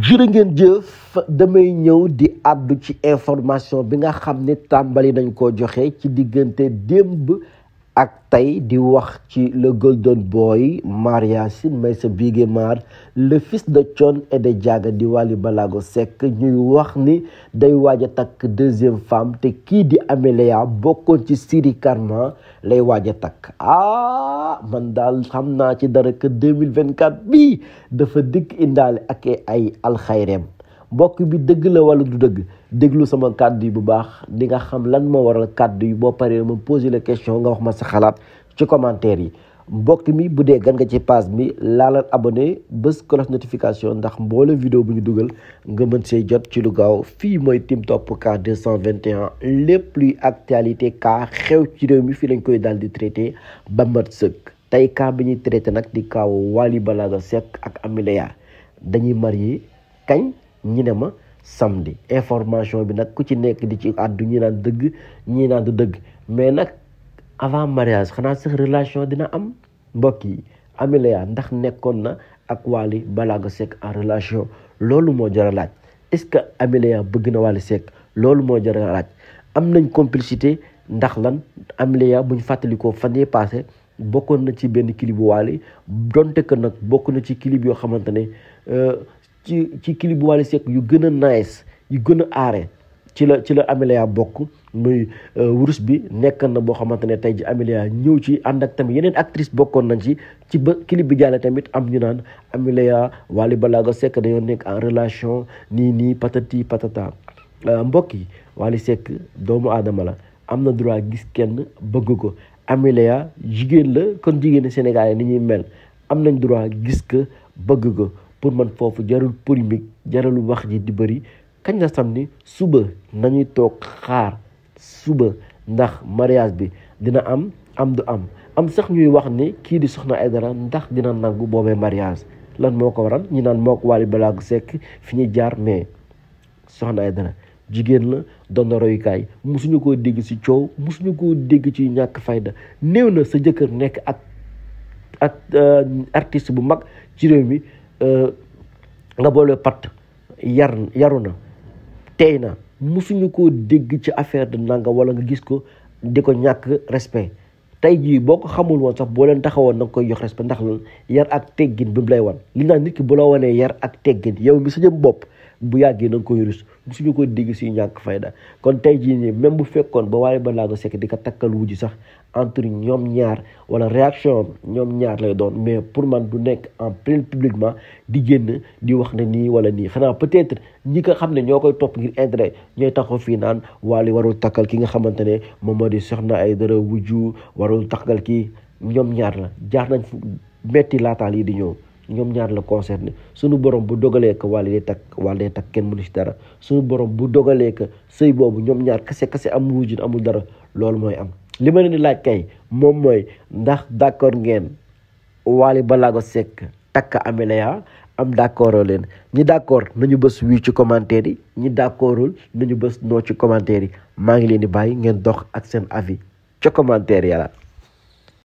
jërë ngeen jëf damay ñëw di àddu ci information bi nga xam ne tàmbali nañ ko joxe ci diggante bi ak tey di wax ci le golden boy Maria Sin Maysa Bigué Mar le fils de Thione et de Diaga di Wally Ballago Seck ñuy wax ni day waaj a takk deuxième femme te kii di Amelia bokkoon ci Siri lay waaj a takk ah man daal xam naa ci dara vingt 2024 bii dafa dikk indaale ak ay alxayreem mbokk bi dëgg la wala du dëgg déglu sama kàddu yi bu baax di nga xam lan moo waral kàddu yi boo paree ma posé la question nga wax ma sa xalaat ci commentaire yi mbokk mi bu dee gan nga ci page bi laalal abonné bés cloche notification ndax mboolem vidéo bu ñu dugal nga mën see jot ci lu gaaw fii mooy tiim Tim Top Cas 221 lépp luy actualité cas xew ci réew mi fii lañ koy daal di traité ba mat sëkk tey cas bi ñuy traité nag di kaaw Wally Ballago Seck ak Amy Léa dañuy marié kañ ñi ne ma samdi information bi nag ku ci nekk di ci àddu ñi naan dëgg ñi naan du dëgg mais nag avant mariage xanaa sax relation dina am mbokk yi Amiléa ndax nekkoon na ak Wally Ballago Seck en relation loolu moo jar a laaj est-ce que Amiléa bëgg na Wally Seck loolu moo jar am nañ complicité ndax lan Amiléa buñ fàttalikoo fan yee passé bokkoon na ci benn clip bu Wally nag bokk na ci clip yoo xamante ne euh, ci ci clip bu Wally yu gën a nice yu gën a aare ci la ci la Amelia bokk muy euh, wurus bi nekkan na boo xamante ne tey ji Amelia ñëw ci ànd ak tamit yeneen actrice bokkoon nañ ci ci ba clip bi tamit am ñu naan Amelia Wally Ballago Seck dañoo nekk en relation nii nii patati patata euh, mbokk yi Wally Seck doomu aadama la am na droit gis kenn bëgg ko Amelia jigéen la kon jigéen Sénégal ni ñuy mel am nañ droit gis ko bëgg ko pour man foofu jarul polémique jarul wax ji di bëri kañ la ni suba nañuy toog xaar suba ndax mariage bi dina am am du am am sax ñuy wax ni kii di Soxna ay dara ndax dina nangu boobee mariage lan moo ko waral ñi naan moo ko Wally Ballago sekk fi ñuy jaar mais Soxna Aidara jigéen la doon na royukaay musuñu koo dégg ci coow musuñu koo dégg ci ñàkk fayda néew na sa jëkkër nekk ak ak euh, artiste bu mag ci réew mi Euh, nga boole pat yar yaru na tey na musuñu koo dégg ci affaire de nanga wala nga gis ko di ko ñàkk respect tey jii boo ko xamul woon sax boo leen taxawoon nag nga koy jox respect ndax lan yar ak teggin bi mu lay wan li nga nit ki bu la wanee yar ak teggin yow mi sa jëm bopp bu yàggee na koy rus suñu ko dégg suñu ñàkk fayda kon tey jii nii même bu fekkoon ba waaye ba laa ko sekk di ko takkal wujji sax entre ñoom ñaar wala réaction ñoom ñaar lay doon mais pour man du nekk en plein publiquement di génn di wax ne nii wala nii xanaa peut-être ñi ko xam ne ñoo koy topp ngir intérêt ñooy taxaw fii naan waali warul takkal ki nga xamante ne moom moo di soxna ay dara wujju war jaarul taxgal kii ñoom ñaar la jaar nañ fu metti laataal yi di ñëw ñoom ñaar la concerné suñu borom bu dogalee que wàll day takk wàll day kenn mënu ci dara suñu borom bu dogalee que sëy boobu ñoom ñaar kase kase am wujun amul dara loolu mooy am li ma leen laaj kay moom mooy ndax d'accord ngeen Wally Ballago Seck takk Amélia am d'accord leen ñi d'accord nañu bës wii ci commentaire yi ñi d'accordul nañu bës noo ci commentaire yi maa ngi leen di bàyyi ngeen dox ak seen avis ca commentaire yàlla